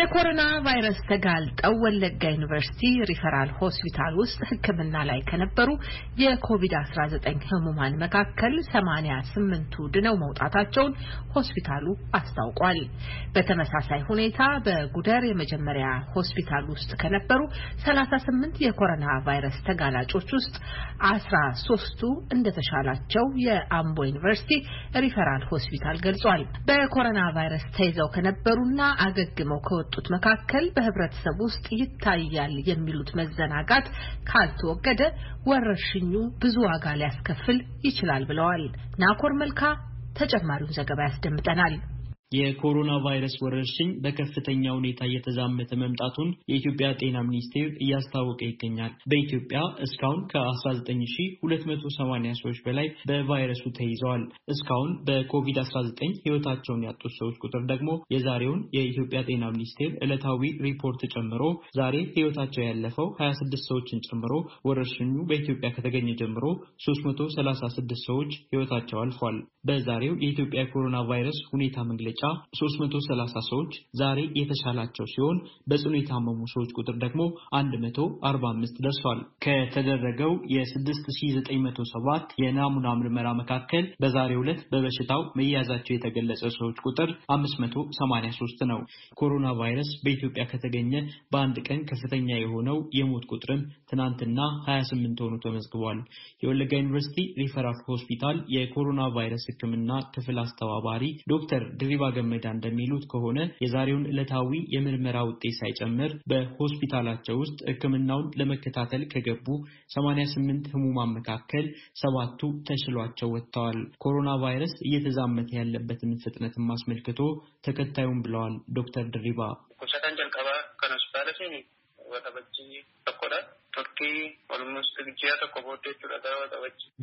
ለኮሮና ቫይረስ ተጋልጠው ወለጋ ዩኒቨርሲቲ ሪፈራል ሆስፒታል ውስጥ ሕክምና ላይ ከነበሩ የኮቪድ-19 ህሙማን መካከል 88ቱ ድነው መውጣታቸውን ሆስፒታሉ አስታውቋል። በተመሳሳይ ሁኔታ በጉደር የመጀመሪያ ሆስፒታል ውስጥ ከነበሩ 38 የኮሮና ቫይረስ ተጋላጮች ውስጥ 13ቱ እንደተሻላቸው የአምቦ ዩኒቨርሲቲ ሪፈራል ሆስፒታል ገልጿል። በኮሮና ቫይረስ ተይዘው ከነበሩና አገግመው ከወጡ ከወጡት መካከል በህብረተሰብ ውስጥ ይታያል የሚሉት መዘናጋት ካልተወገደ ወረርሽኙ ብዙ ዋጋ ሊያስከፍል ይችላል ብለዋል። ናኮር መልካ ተጨማሪውን ዘገባ ያስደምጠናል። የኮሮና ቫይረስ ወረርሽኝ በከፍተኛ ሁኔታ እየተዛመተ መምጣቱን የኢትዮጵያ ጤና ሚኒስቴር እያስታወቀ ይገኛል። በኢትዮጵያ እስካሁን ከ19280 ሰዎች በላይ በቫይረሱ ተይዘዋል። እስካሁን በኮቪድ-19 ሕይወታቸውን ያጡት ሰዎች ቁጥር ደግሞ የዛሬውን የኢትዮጵያ ጤና ሚኒስቴር ዕለታዊ ሪፖርት ጨምሮ ዛሬ ሕይወታቸው ያለፈው 26 ሰዎችን ጨምሮ ወረርሽኙ በኢትዮጵያ ከተገኘ ጀምሮ 336 ሰዎች ሕይወታቸው አልፏል። በዛሬው የኢትዮጵያ ኮሮና ቫይረስ ሁኔታ መግለጫ ብቻ 330 ሰዎች ዛሬ የተሻላቸው ሲሆን በጽኑ የታመሙ ሰዎች ቁጥር ደግሞ 145 ደርሷል። ከተደረገው የ6907 የናሙና ምርመራ መካከል በዛሬው ዕለት በበሽታው መያዛቸው የተገለጸ ሰዎች ቁጥር 583 ነው። ኮሮና ቫይረስ በኢትዮጵያ ከተገኘ በአንድ ቀን ከፍተኛ የሆነው የሞት ቁጥርም ትናንትና 28 ሆኑ ተመዝግቧል። የወለጋ ዩኒቨርሲቲ ሪፈራል ሆስፒታል የኮሮና ቫይረስ ሕክምና ክፍል አስተባባሪ ዶክተር ድሪባ ገመዳ እንደሚሉት ከሆነ የዛሬውን ዕለታዊ የምርመራ ውጤት ሳይጨምር በሆስፒታላቸው ውስጥ ሕክምናውን ለመከታተል ከገቡ 88 ህሙማን መካከል ሰባቱ ተሽሏቸው ወጥተዋል። ኮሮና ቫይረስ እየተዛመተ ያለበትን ፍጥነትም አስመልክቶ ተከታዩም ብለዋል ዶክተር ድሪባ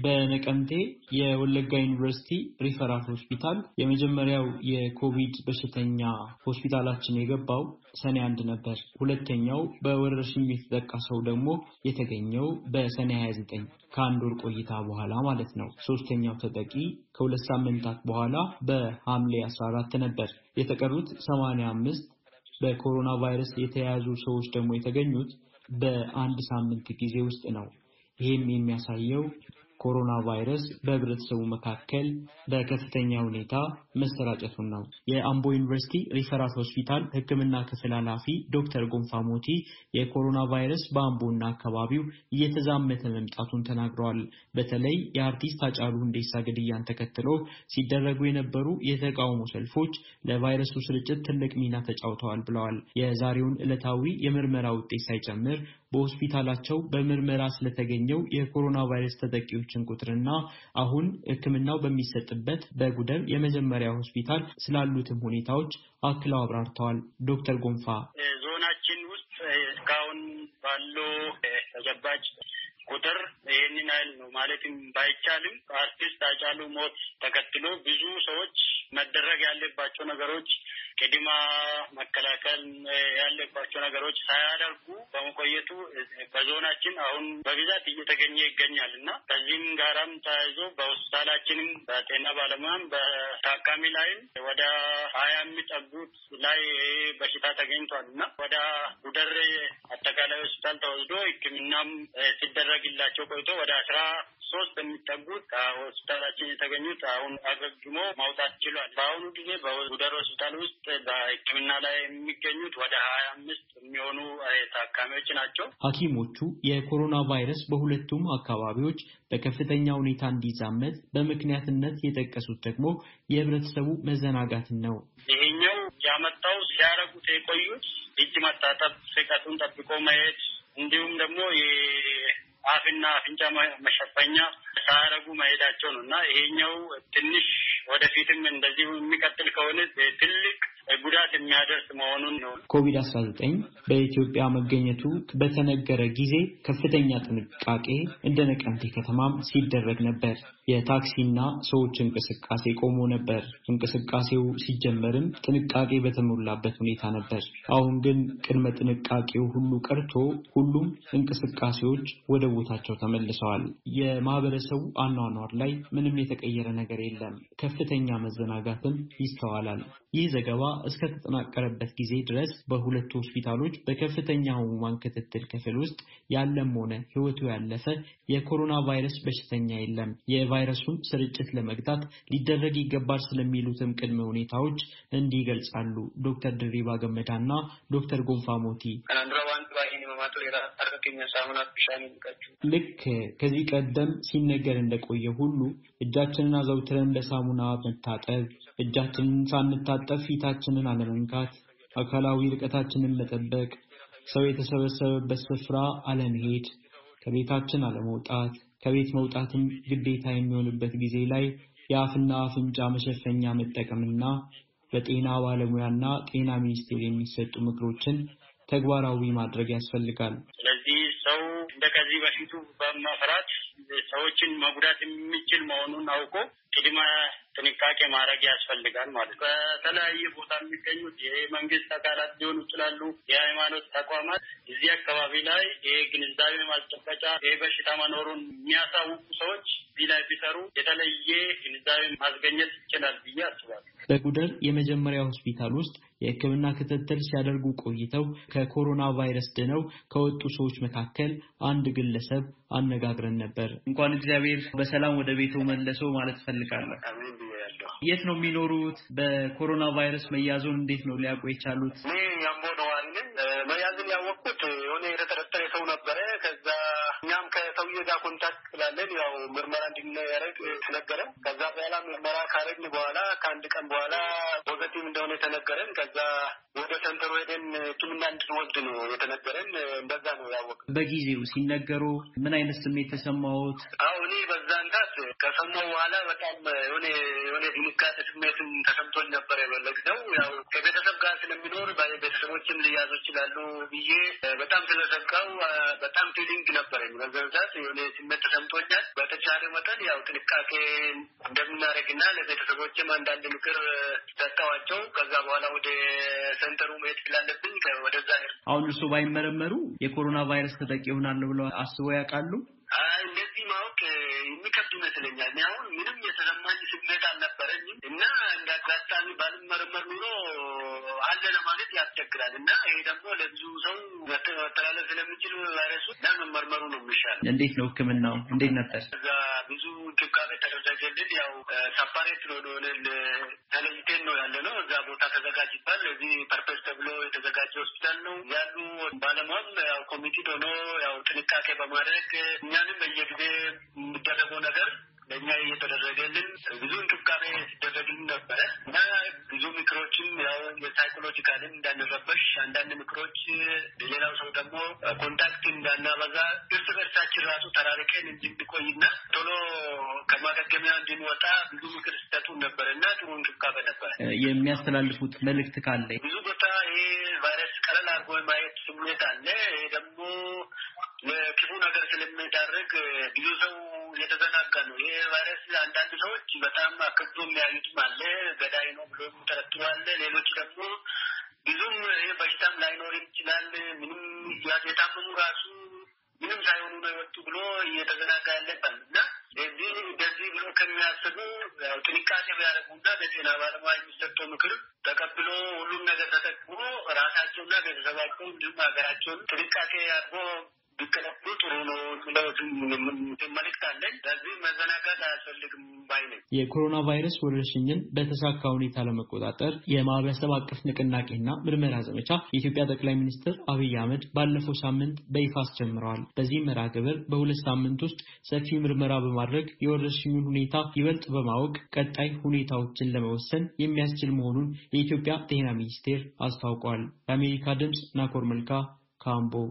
በነቀምቴ የወለጋ ዩኒቨርሲቲ ሪፈራል ሆስፒታል የመጀመሪያው የኮቪድ በሽተኛ ሆስፒታላችን የገባው ሰኔ አንድ ነበር። ሁለተኛው በወረርሽኝ የተጠቃ ሰው ደግሞ የተገኘው በሰኔ 29 ከአንድ ወር ቆይታ በኋላ ማለት ነው። ሶስተኛው ተጠቂ ከሁለት ሳምንታት በኋላ በሐምሌ 14 ነበር። የተቀሩት 85 በኮሮና ቫይረስ የተያያዙ ሰዎች ደግሞ የተገኙት በአንድ ሳምንት ጊዜ ውስጥ ነው። ይህም የሚያሳየው ኮሮና ቫይረስ በህብረተሰቡ መካከል በከፍተኛ ሁኔታ መሰራጨቱን ነው። የአምቦ ዩኒቨርሲቲ ሪፈራል ሆስፒታል ሕክምና ክፍል ኃላፊ ዶክተር ጎንፋ ሞቲ የኮሮና ቫይረስ በአምቦና አካባቢው እየተዛመተ መምጣቱን ተናግረዋል። በተለይ የአርቲስት አጫሉ ሁንዴሳ ግድያን ተከትሎ ሲደረጉ የነበሩ የተቃውሞ ሰልፎች ለቫይረሱ ስርጭት ትልቅ ሚና ተጫውተዋል ብለዋል። የዛሬውን ዕለታዊ የምርመራ ውጤት ሳይጨምር በሆስፒታላቸው በምርመራ ስለተገኘው የኮሮና ቫይረስ ተጠቂዎችን ቁጥርና አሁን ሕክምናው በሚሰጥበት በጉደር የመጀመሪያ ሆስፒታል ስላሉትም ሁኔታዎች አክለው አብራርተዋል። ዶክተር ጎንፋ ዞናችን ውስጥ እስካሁን ባለው ተጨባጭ ቁጥር ይህንን ያህል ነው ማለትም ባይቻልም አርቲስት አጫሉ ሞት ተከትሎ ብዙ ሰዎች መደረግ ያለባቸው ነገሮች ቅድማ መከላከል ያለባቸው ነገሮች ሳያደርጉ በመቆየቱ በዞናችን አሁን በብዛት እየተገኘ ይገኛል እና ከዚህም ጋራም ተያይዞ በሆስፒታላችንም በጤና ባለሙያም በታካሚ ላይም ወደ ሀያ የሚጠጉት ላይ በሽታ ተገኝቷል እና ወደ ጉደር አጠቃላይ ሆስፒታል ተወስዶ ሕክምናም ሲደረግላቸው ቆይቶ ወደ አስራ ሶስት የሚጠጉት ከሆስፒታላችን የተገኙት አሁን አገግሞ ማውጣት ችሏል። በአሁኑ ጊዜ በጉደር ሆስፒታል ውስጥ በሕክምና ላይ የሚገኙት ወደ ሀያ አምስት የሚሆኑ ታካሚዎች ናቸው። ሐኪሞቹ የኮሮና ቫይረስ በሁለቱም አካባቢዎች በከፍተኛ ሁኔታ እንዲዛመት በምክንያትነት የጠቀሱት ደግሞ የህብረተሰቡ መዘናጋትን ነው። ይሄኛው ያመጣው ሲያረጉት የቆዩት እጅ መታጠብ፣ ርቀቱን ጠብቆ መሄድ እንዲሁም ደግሞ አፍና አፍንጫ መሸፈኛ ሳያረጉ መሄዳቸው ነው እና ይሄኛው ትንሽ ወደፊትም እንደዚሁ የሚቀጥል ከሆነ ትልቅ ጉዳት የሚያደርስ መሆኑን ነው። ኮቪድ አስራ ዘጠኝ በኢትዮጵያ መገኘቱ በተነገረ ጊዜ ከፍተኛ ጥንቃቄ እንደ ነቀምቴ ከተማም ሲደረግ ነበር። የታክሲና ሰዎች እንቅስቃሴ ቆሞ ነበር። እንቅስቃሴው ሲጀመርም ጥንቃቄ በተሞላበት ሁኔታ ነበር። አሁን ግን ቅድመ ጥንቃቄው ሁሉ ቀርቶ ሁሉም እንቅስቃሴዎች ወደ ቦታቸው ተመልሰዋል። የማህበረሰቡ አኗኗር ላይ ምንም የተቀየረ ነገር የለም። ከፍተኛ መዘናጋትም ይስተዋላል። ይህ ዘገባ እስከተጠናቀረበት ጊዜ ድረስ በሁለቱ ሆስፒታሎች በከፍተኛ ህሙማን ክትትል ክፍል ውስጥ ያለም ሆነ ህይወቱ ያለፈ የኮሮና ቫይረስ በሽተኛ የለም። የቫይረሱን ስርጭት ለመግታት ሊደረግ ይገባል ስለሚሉትም ቅድመ ሁኔታዎች እንዲህ ይገልጻሉ ዶክተር ድሪባ ገመዳ እና ዶክተር ጎንፋ ሞቲ። አቶ ሌላ አረገኛ ሳሙና ብሻን ይልቃችሁ ልክ ከዚህ ቀደም ሲነገር እንደቆየ ሁሉ እጃችንን አዘውትረን በሳሙና መታጠብ፣ እጃችንን ሳንታጠብ ፊታችንን አለመንካት፣ አካላዊ ርቀታችንን መጠበቅ፣ ሰው የተሰበሰበበት ስፍራ አለመሄድ፣ ከቤታችን አለመውጣት፣ ከቤት መውጣትም ግዴታ የሚሆንበት ጊዜ ላይ የአፍና አፍንጫ መሸፈኛ መጠቀምና በጤና ባለሙያና ጤና ሚኒስቴር የሚሰጡ ምክሮችን ተግባራዊ ማድረግ ያስፈልጋል። ስለዚህ ሰው ከዚህ በፊቱ በመፍራት ሰዎችን መጉዳት የሚችል መሆኑን አውቆ ቅድመ ጥንቃቄ ማድረግ ያስፈልጋል ማለት ነው። በተለያየ ቦታ የሚገኙት የመንግስት አካላት ሊሆኑ ይችላሉ፣ የሃይማኖት ተቋማት እዚህ አካባቢ ላይ ይሄ ግንዛቤ ማስጨበጫ ይሄ በሽታ መኖሩን የሚያሳውቁ ሰዎች እዚህ ላይ ቢሰሩ የተለየ ግንዛቤ ማስገኘት ይችላል ብዬ አስባለሁ። በጉደር የመጀመሪያ ሆስፒታል ውስጥ የሕክምና ክትትል ሲያደርጉ ቆይተው ከኮሮና ቫይረስ ድነው ከወጡ ሰዎች መካከል አንድ ግለሰብ አነጋግረን ነበር። እንኳን እግዚአብሔር በሰላም ወደ ቤተው መለሰው ማለት ፈልግ እጠይቃለሁ። የት ነው የሚኖሩት? በኮሮና ቫይረስ መያዙን እንዴት ነው ሊያውቁ የቻሉት? ምርመራ ካረግን በኋላ ከአንድ ቀን በኋላ ፖዘቲቭ እንደሆነ የተነገረን ከዛ ወደ ሰንተሩ ሄደን ሕክምና እንድንወስድ ነው የተነገረን። እንደዛ ነው ያወቅ። በጊዜው ሲነገሩ ምን አይነት ስሜት ተሰማዎት? አዎ እኔ በዛን ጋት ከሰማው በኋላ በጣም የሆነ የሆነ ድንጋጤ ስሜትም ተሰምቶኝ ነበር። የበለግ ነው ያው ከቤተሰብ ጋር ስለሚኖር ሰዎችም ሊያዙ ይችላሉ ብዬ በጣም ስለሰጋው በጣም ፊሊንግ ነበረኝ። በዛን ሰዓት የሆነ ስሜት ተሰምቶኛል። በተቻለ መጠን ያው ጥንቃቄ እንደምናደርግና ለቤተሰቦችም አንዳንድ ምክር ሰጠዋቸው። ከዛ በኋላ ወደ ሴንተሩ መሄድ ስላለብኝ ወደዛ ሄድኩ። አሁን እርስዎ ባይመረመሩ የኮሮና ቫይረስ ተጠቂ ይሆናለሁ ብለው አስበው ያውቃሉ? ማወቅ የሚከብድ ይመስለኛል። እኔ አሁን ምንም የተሰማኝ ስሜት አልነበረኝም እና እንደ አጋጣሚ ባልመረመር ኑሮ አለ ለማለት ያስቸግራል እና ይሄ ደግሞ ለብዙ ሰው መተላለፍ ስለሚችል ቫይረሱ እና መመርመሩ ነው የሚሻል። እንዴት ነው ሕክምናው እንዴት ነበር? እዛ ብዙ እንክብካቤ ተደረገልን። ያው ሰፓሬት ነው ሆነን ተለይቴን ነው ያለ ነው። እዛ ቦታ ተዘጋጅ ይባል ለዚህ ፐርፐስ ተብሎ የተዘጋጀ ሆስፒታል ነው ያሉ ባለሙያም ያው ኮሚቴ ሆኖ ያው ጥንቃቄ በማድረግ እኛንም በየጊዜ የሚደረገው ነገር ለእኛ እየተደረገልን ብዙ እንክብካቤ ሲደረግልን ነበረ እና ብዙ ምክሮችም ያው የሳይኮሎጂካልን እንዳንረበሽ አንዳንድ ምክሮች ለሌላው ሰው ደግሞ ኮንታክት እንዳናበዛ እርስ በርሳችን ራሱ ተራርቀን እንድንቆይና ቶሎ ከማገገሚያ እንድንወጣ ብዙ ምክር ሲሰጡን ነበር እና ጥሩ እንክብካቤ ነበረ። የሚያስተላልፉት መልእክት ካለ ብዙ ቦታ ይሄ ቫይረስ ቀለል አድርጎ ማየት ስሜት አለ። ይሄ ደግሞ ለክፉ ነገር ስለሚዳረግ ብዙ ሰው የተዘናጋ ነው። ይህ ቫይረስ አንዳንድ ሰዎች በጣም አክብዶ የሚያዩትም አለ፣ ገዳይ ነው ብሎ ተረትሮ አለ። ሌሎች ደግሞ ብዙም ይህ በሽታም ላይኖር ይችላል። ምንም የታመሙ ራሱ ምንም ሳይሆኑ ነው የወጡ ብሎ እየተዘናጋ ያለባል እና እዚህ እንደዚህ ብሎ ከሚያስቡ ጥንቃቄ ቢያደርጉና በጤና ባለሙያ የሚሰጠው ምክር ተቀብሎ ሁሉም ነገር ተጠቅሞ ራሳቸውና ቤተሰባቸው እንዲሁም ሀገራቸውን ጥንቃቄ አድርጎ ቢከለኩ ጥሩ ነው መልእክት አለን። በዚህ መዘናጋት አያስፈልግም ባይ ነኝ። የኮሮና ቫይረስ ወረርሽኝን በተሳካ ሁኔታ ለመቆጣጠር የማህበረሰብ አቀፍ ንቅናቄና ምርመራ ዘመቻ የኢትዮጵያ ጠቅላይ ሚኒስትር አብይ አህመድ ባለፈው ሳምንት በይፋ አስጀምረዋል። በዚህ መርሃ ግብር በሁለት ሳምንት ውስጥ ሰፊ ምርመራ በማድረግ የወረርሽኙን ሁኔታ ይበልጥ በማወቅ ቀጣይ ሁኔታዎችን ለመወሰን የሚያስችል መሆኑን የኢትዮጵያ ጤና ሚኒስቴር አስታውቋል። የአሜሪካ ድምፅ ናኮር መልካ ካምቦ